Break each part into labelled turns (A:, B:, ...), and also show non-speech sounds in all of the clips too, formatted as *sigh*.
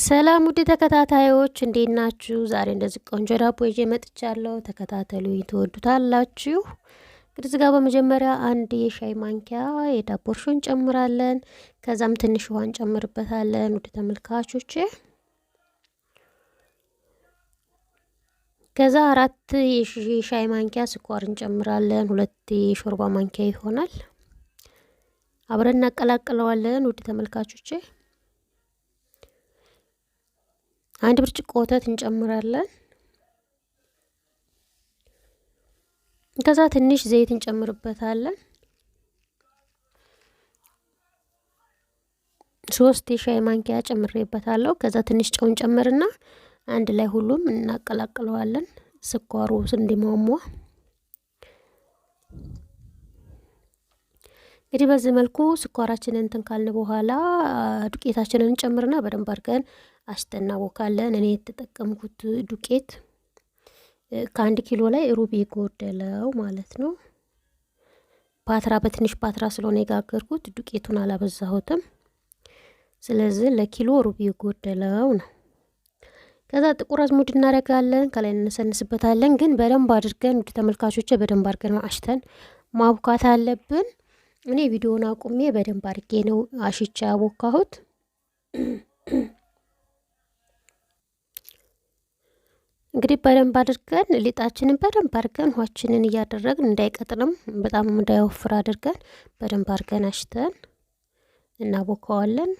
A: ሰላም ውድ ተከታታዮች እንዴት ናችሁ? ዛሬ እንደዚህ ቆንጆ ዳቦ ይዤ መጥቻለሁ። ተከታተሉ፣ ትወዱታላችሁ። እንግዲህ እዚህ በመጀመሪያ አንድ የሻይ ማንኪያ የዳቦ እርሾ እንጨምራለን። ከዛም ትንሽ ውሃ እንጨምርበታለን። ውድ ተመልካቾች፣ ከዛ አራት የሻይ ማንኪያ ስኳር እንጨምራለን። ሁለት የሾርባ ማንኪያ ይሆናል። አብረን እናቀላቅለዋለን። ውድ ተመልካቾች አንድ ብርጭቆ ወተት እንጨምራለን። ከዛ ትንሽ ዘይት እንጨምርበታለን። ሶስት የሻይ ማንኪያ ጨምሬበታለሁ። ከዛ ትንሽ ጨው እንጨምርና አንድ ላይ ሁሉም እናቀላቅለዋለን። ስኳሩ እንዲሟሟ እንግዲህ በዚህ መልኩ ስኳራችንን እንትን ካልን በኋላ ዱቄታችንን እንጨምርና በደንብ አድርገን አስጠናቦካለን። እኔ የተጠቀምኩት ዱቄት ከአንድ ኪሎ ላይ ሩብ የጎደለው ማለት ነው። ፓትራ በትንሽ ፓትራ ስለሆነ የጋገርኩት ዱቄቱን አላበዛሁትም። ስለዚህ ለኪሎ ሩብ የጎደለው ነው። ከዛ ጥቁር አዝሙድ እናደርጋለን፣ ከላይ እንሰንስበታለን። ግን በደንብ አድርገን ውድ ተመልካቾች፣ በደንብ አድርገን አሽተን ማቡካት አለብን። እኔ ቪዲዮውን አቁሜ በደንብ አድርጌ ነው አሽቻ ያቦካሁት። እንግዲህ በደንብ አድርገን ሊጣችንን በደንብ አድርገን ውሃችንን እያደረግን እንዳይቀጥልም በጣም እንዳይወፍር አድርገን በደንብ አድርገን አሽተን እናቦከዋለን።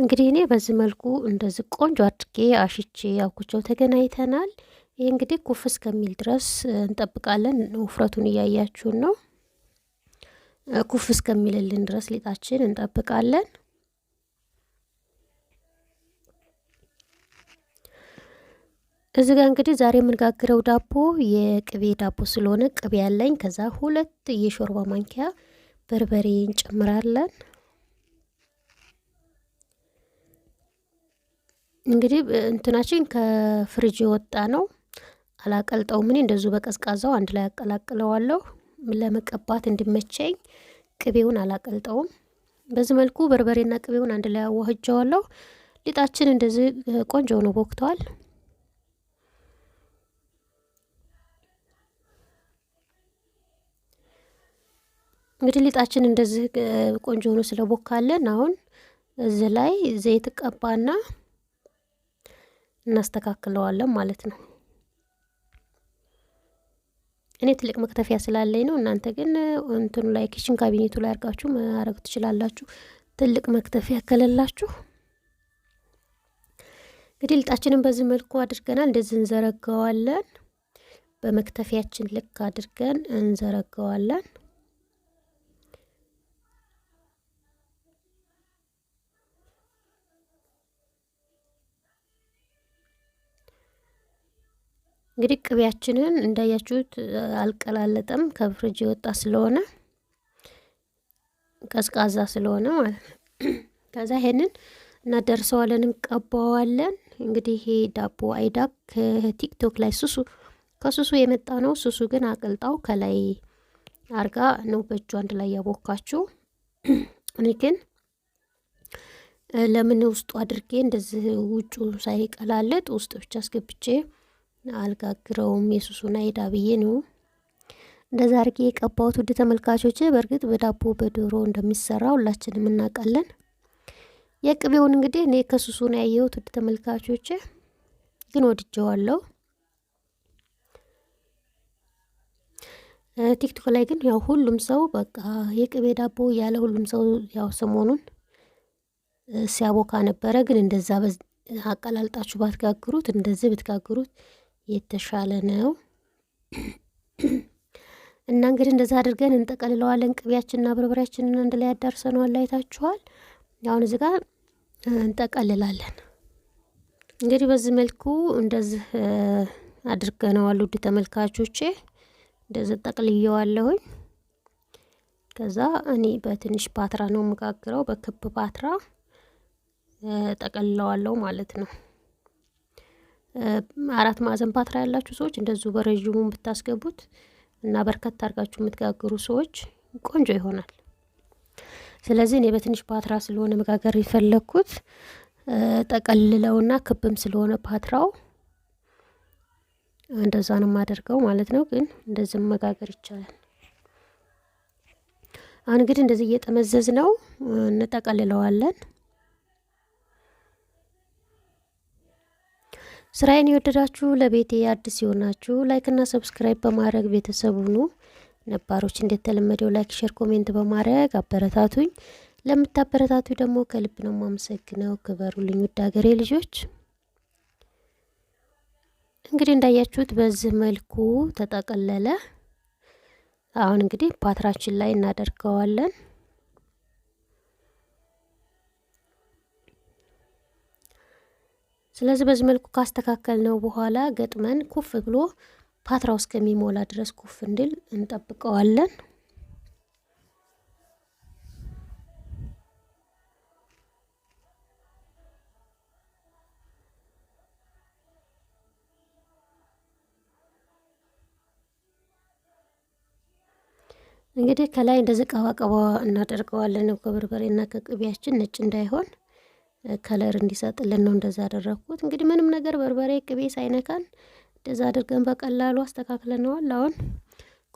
A: እንግዲህ እኔ በዚህ መልኩ እንደዚህ ቆንጆ አድርጌ አሽቼ አውኩቸው ተገናኝተናል። ይህ እንግዲህ ኩፍ እስከሚል ድረስ እንጠብቃለን። ውፍረቱን እያያችሁን ነው። ኩፍ እስከሚልልን ድረስ ሊጣችን እንጠብቃለን። እዚህ ጋር እንግዲህ ዛሬ የምንጋግረው ዳቦ የቅቤ ዳቦ ስለሆነ ቅቤ ያለኝ፣ ከዛ ሁለት የሾርባ ማንኪያ በርበሬ እንጨምራለን። እንግዲህ እንትናችን ከፍሪጅ የወጣ ነው፣ አላቀልጠው ምን እንደዚሁ በቀዝቃዛው አንድ ላይ አቀላቅለዋለሁ ለመቀባት እንዲመቸኝ። ቅቤውን አላቀልጠውም። በዚህ መልኩ በርበሬና ቅቤውን አንድ ላይ አዋህጀዋለሁ። ሊጣችን እንደዚህ ቆንጆ ሆኖ ቦክተዋል። እንግዲህ ሊጣችን እንደዚህ ቆንጆ ሆኖ ስለቦካለን አሁን እዚህ ላይ ዘይት ቀባና እናስተካክለዋለን ማለት ነው። እኔ ትልቅ መክተፊያ ስላለኝ ነው። እናንተ ግን እንትኑ ላይ ኪችን ካቢኔቱ ላይ አድርጋችሁ ማረግ ትችላላችሁ። ትልቅ መክተፊያ ከለላችሁ እንግዲህ ልጣችንን በዚህ መልኩ አድርገናል። እንደዚህ እንዘረጋዋለን። በመክተፊያችን ልክ አድርገን እንዘረጋዋለን። እንግዲህ ቅቤያችንን እንዳያችሁት አልቀላለጠም። ከፍርጅ የወጣ ስለሆነ ቀዝቃዛ ስለሆነ ማለት ነው። *clears throat* ከዛ ይሄንን እናደርሰዋለን፣ እንቀባዋለን። እንግዲህ ይሄ ዳቦ አይዳ ከቲክቶክ ላይ ሱሱ ከሱሱ የመጣ ነው። ሱሱ ግን አቅልጣው ከላይ አርጋ ነው በእጁ አንድ ላይ ያቦካችው። *clears throat* እኔ ግን ለምን ውስጡ አድርጌ እንደዚህ ውጩ ሳይቀላለጥ ውስጥ ብቻ አስገብቼ አልጋግረውም የሱሱን አይዳ ብዬ ነው እንደዛ አርጌ የቀባሁት። ውድ ተመልካቾች በእርግጥ በዳቦ በዶሮ እንደሚሰራ ሁላችንም እናውቃለን። የቅቤውን እንግዲህ እኔ ከሱሱና ያየሁት። ውድ ተመልካቾች ግን ወድጀዋለሁ። ቲክቶክ ላይ ግን ያው ሁሉም ሰው በቃ የቅቤ ዳቦ ያለ ሁሉም ሰው ያው ሰሞኑን ሲያቦካ ነበረ። ግን እንደዛ አቀላልጣችሁ ባትጋግሩት እንደዚህ ብትጋግሩት የተሻለ ነው እና እንግዲህ እንደዛ አድርገን እንጠቀልለዋለን። ቅቤያችንና በርበሬያችንን አንድ ላይ ያዳርሰነዋል። ላይታችኋል። አሁን እዚህ ጋር እንጠቀልላለን። እንግዲህ በዚህ መልኩ እንደዚህ አድርገነዋል። ውድ ተመልካቾቼ እንደዚህ ጠቅልየዋለሁኝ። ከዛ እኔ በትንሽ ፓትራ ነው የምጋግረው፣ በክብ ፓትራ ጠቀልለዋለሁ ማለት ነው። አራት ማዕዘን ፓትራ ያላችሁ ሰዎች እንደዚሁ በረዥሙ ብታስገቡት እና በርከት አድርጋችሁ የምትጋግሩ ሰዎች ቆንጆ ይሆናል። ስለዚህ እኔ በትንሽ ፓትራ ስለሆነ መጋገር የፈለግኩት ጠቀልለውና ክብም ስለሆነ ፓትራው እንደዛ ነው የማደርገው ማለት ነው። ግን እንደዚህ መጋገር ይቻላል። አሁን እንግዲህ እንደዚህ እየጠመዘዝ ነው እንጠቀልለዋለን። ስራዬን የወደዳችሁ ለቤቴ አዲስ የሆናችሁ ላይክና ሰብስክራይብ በማድረግ ቤተሰብ ሁኑ። ነባሮች እንደተለመደው ላይክ፣ ሼር፣ ኮሜንት በማድረግ አበረታቱኝ። ለምታበረታቱ ደግሞ ከልብ ነው ማመሰግነው። ክበሩልኝ ውድ ሀገሬ ልጆች። እንግዲህ እንዳያችሁት በዚህ መልኩ ተጠቀለለ። አሁን እንግዲህ ፓትራችን ላይ እናደርገዋለን። ስለዚህ በዚህ መልኩ ካስተካከል ነው በኋላ ገጥመን ኩፍ ብሎ ፓትራ እስከሚሞላ ድረስ ኩፍ እንድል እንጠብቀዋለን። እንግዲህ ከላይ እንደዚህ ቀባ ቀባ እናደርገዋለን። ከበርበሬና ከቅቤያችን ነጭ እንዳይሆን ከለር እንዲሰጥልን ነው እንደዛ ያደረግኩት። እንግዲህ ምንም ነገር በርበሬ፣ ቅቤ ሳይነካን እንደዛ አድርገን በቀላሉ አስተካክለነዋል። አሁን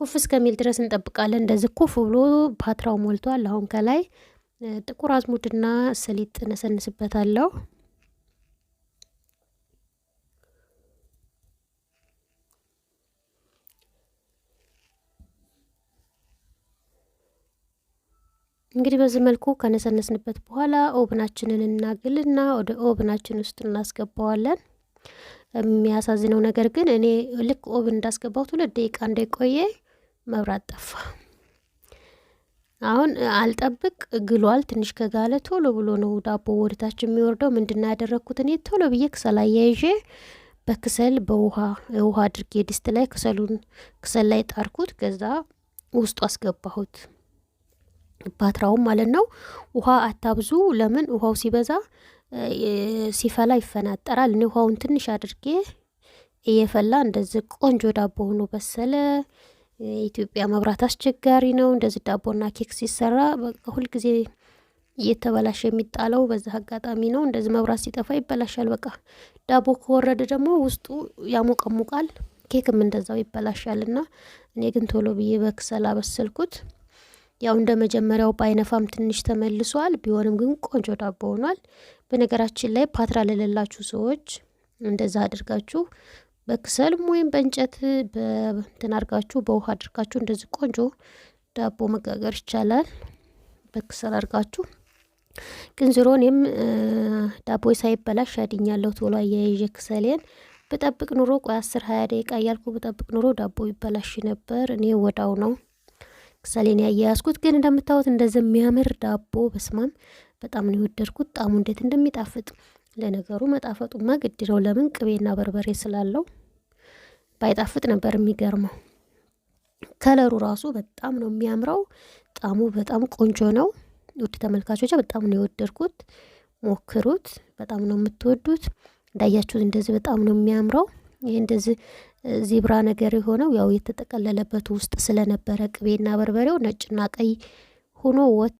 A: ኩፍ እስከሚል ድረስ እንጠብቃለን። እንደዚህ ኩፍ ብሎ ፓትራው ሞልቷል። አሁን ከላይ ጥቁር አዝሙድና ሰሊጥ ነሰንስበታለሁ። እንግዲህ በዚህ መልኩ ከነሰነስንበት በኋላ ኦብናችንን እናግልና ወደ ኦብናችን ውስጥ እናስገባዋለን። የሚያሳዝነው ነገር ግን እኔ ልክ ኦብን እንዳስገባሁት ሁለት ደቂቃ እንዳይቆየ መብራት ጠፋ። አሁን አልጠብቅ ግሏል። ትንሽ ከጋለ ቶሎ ብሎ ነው ዳቦ ወደታች የሚወርደው። ምንድና ያደረግኩት እኔ ቶሎ ብዬ ክሰል አያይዤ በክሰል በውሃ ውሃ አድርጌ ድስት ላይ ክሰሉን ክሰል ላይ ጣርኩት። ከዛ ውስጡ አስገባሁት። ፓትራውም ማለት ነው። ውሃ አታብዙ። ለምን ውሃው ሲበዛ ሲፈላ ይፈናጠራል። እኔ ውሃውን ትንሽ አድርጌ እየፈላ እንደዚህ ቆንጆ ዳቦ ሆኖ በሰለ። የኢትዮጵያ መብራት አስቸጋሪ ነው። እንደዚህ ዳቦና ኬክ ሲሰራ ሁልጊዜ እየተበላሸ የሚጣለው በዛ አጋጣሚ ነው። እንደዚህ መብራት ሲጠፋ ይበላሻል። በቃ ዳቦ ከወረደ ደግሞ ውስጡ ያሞቀሙቃል። ኬክም እንደዛው ይበላሻል እና እኔ ግን ቶሎ ብዬ በክሰል አበሰልኩት። ያው እንደ መጀመሪያው ባይነፋም ትንሽ ተመልሷል። ቢሆንም ግን ቆንጆ ዳቦ ሆኗል። በነገራችን ላይ ፓትራ ለሌላችሁ ሰዎች እንደዛ አድርጋችሁ በክሰልም ወይም በእንጨት በእንትን አድርጋችሁ በውሃ አድርጋችሁ እንደዚህ ቆንጆ ዳቦ መጋገር ይቻላል። በክሰል አድርጋችሁ ግን ዝሮ እኔም ዳቦ ሳይበላሽ ያድኛለሁ። ቶሎ አያይዤ ክሰሌን ብጠብቅ ኑሮ ቆይ አስር ሀያ ደቂቃ እያልኩ ብጠብቅ ኑሮ ዳቦ ይበላሽ ነበር። እኔ ወዳው ነው ክሰሌን ያያያዝኩት ግን እንደምታዩት እንደዚህ የሚያምር ዳቦ በስማም በጣም ነው የወደድኩት። ጣሙ እንዴት እንደሚጣፍጥ ለነገሩ መጣፈጡማ ግድ ነው። ለምን ቅቤና በርበሬ ስላለው ባይጣፍጥ ነበር የሚገርመው። ከለሩ ራሱ በጣም ነው የሚያምረው። ጣሙ በጣም ቆንጆ ነው። ውድ ተመልካቾች በጣም ነው የወደድኩት። ሞክሩት፣ በጣም ነው የምትወዱት። እንዳያችሁት እንደዚህ በጣም ነው የሚያምረው። ይህ እንደዚህ ዜብራ ነገር የሆነው ያው የተጠቀለለበት ውስጥ ስለነበረ ቅቤና በርበሬው ነጭና ቀይ ሆኖ ወጥ